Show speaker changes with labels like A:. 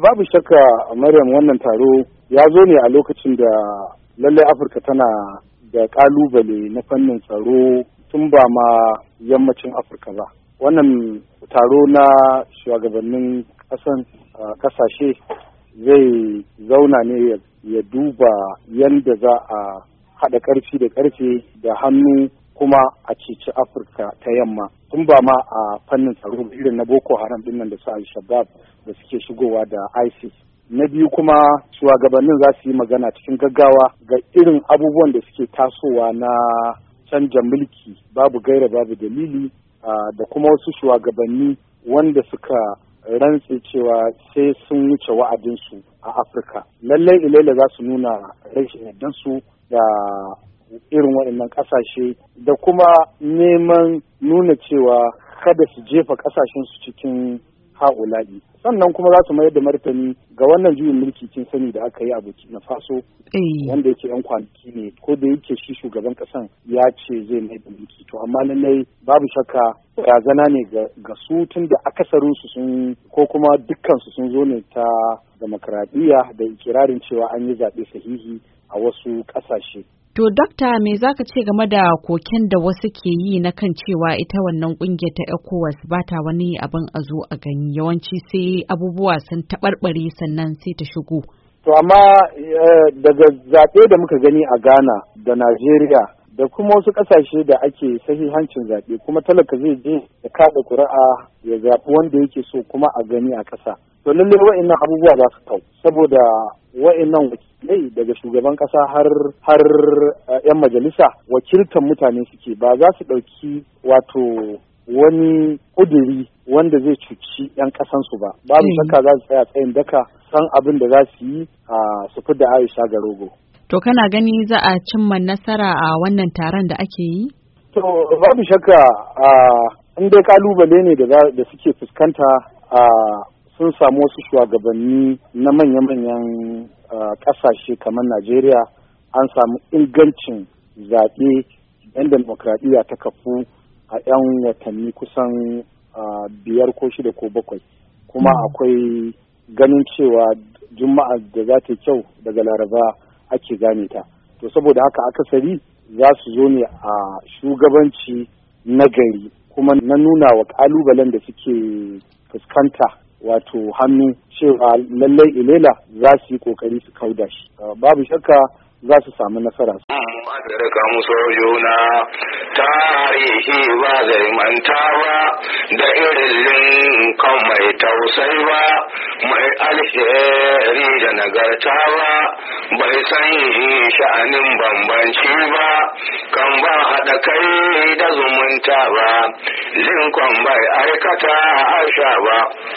A: babu shakka Maryam wannan taro ya zo ne a lokacin da lallai Afirka tana da kalubale na fannin tsaro tun ba ma yammacin Afirka ba. Wannan taro na shugabannin ƙasan ƙasashe zai zauna ne ya duba yadda za a haɗa ƙarfi da ƙarfe da hannu kuma a ceci afirka ta yamma tun ba ma a fannin tsaro irin na boko haram din nan da su al-shabab da suke shigowa da isis na biyu kuma shugabannin za su yi magana cikin gaggawa ga irin abubuwan da suke tasowa na canja mulki babu gaira babu dalili da kuma wasu shugabanni wanda suka rantse cewa sai sun wuce wa'adinsu a afirka lallai ilaila za su nuna rashin yardansu da irin waɗannan ƙasashe da kuma neman nuna cewa kada su jefa ƙasashen su cikin ha'ula'i. sannan kuma za su mayar da martani ga wannan juyin mulki kin sani da aka yi a na faso eh. wanda yake yan kwanaki ne ko da yake shi shugaban kasan ya ce zai mai da mulki to amma lallai babu shakka razana ne ga su tun da akasarinsu sun ko kuma dukkansu sun zo ne ta demokradiyya da ikirarin cewa an yi zaɓe sahihi a wasu ƙasashe
B: To, Dokta, me za ka ce game da koken da wasu ke yi na kan cewa ita wannan kungiyar ta ECOWAS ba ta wani abin a zo a gani yawanci sai abubuwa sun taɓarɓare sannan sai ta shigo.
A: To amma eh, daga zaɓe da muka gani a Ghana da Najeriya da kuma wasu ƙasashe da ake sahihancin zaɓe kuma talaka zai je ya kaɗa ƙuri'a ya zaɓi wanda yake so kuma a gani a ƙasa to lallai wa'annan abubuwa za su kau saboda wa'annan wakilai daga shugaban ƙasa har har eh, 'yan majalisa wakiltar mutane suke ba za su ɗauki wato wani ƙuduri wanda zai cuci 'yan kasansu ba babu hmm. shakka za su tsaya tsayin daka san abin da za su yi a su da aisha ga rogo
B: to kana gani za a cimma nasara a wannan taron da ake yi to babu shakka
A: a in dai kalubale ne da suke fuskanta a sun samu wasu shugabanni na manya-manyan ƙasashe kamar najeriya an samu ingancin zaɓe 'yan demokradiyya ta kafu a 'yan watanni kusan biyar ko shida ko bakwai kuma hmm. akwai ganin cewa juma'a da za ta kyau daga laraba ake gane ta to saboda haka akasari za su zo ne a shugabanci na gari kuma na nuna wa kalubalen da suke fuskanta wato hannu cewa lallai ilela za su yi kokari su kauda shi babu shakka za su samu nasara. Madaraka musu juna tarihi ba zai manta ba da irin kan mai tausai ba mai alheri da nagarta ba bai san sha'anin bambanci ba kan ba haɗa kai da zumunta ba linkon bai aikata harsha ba.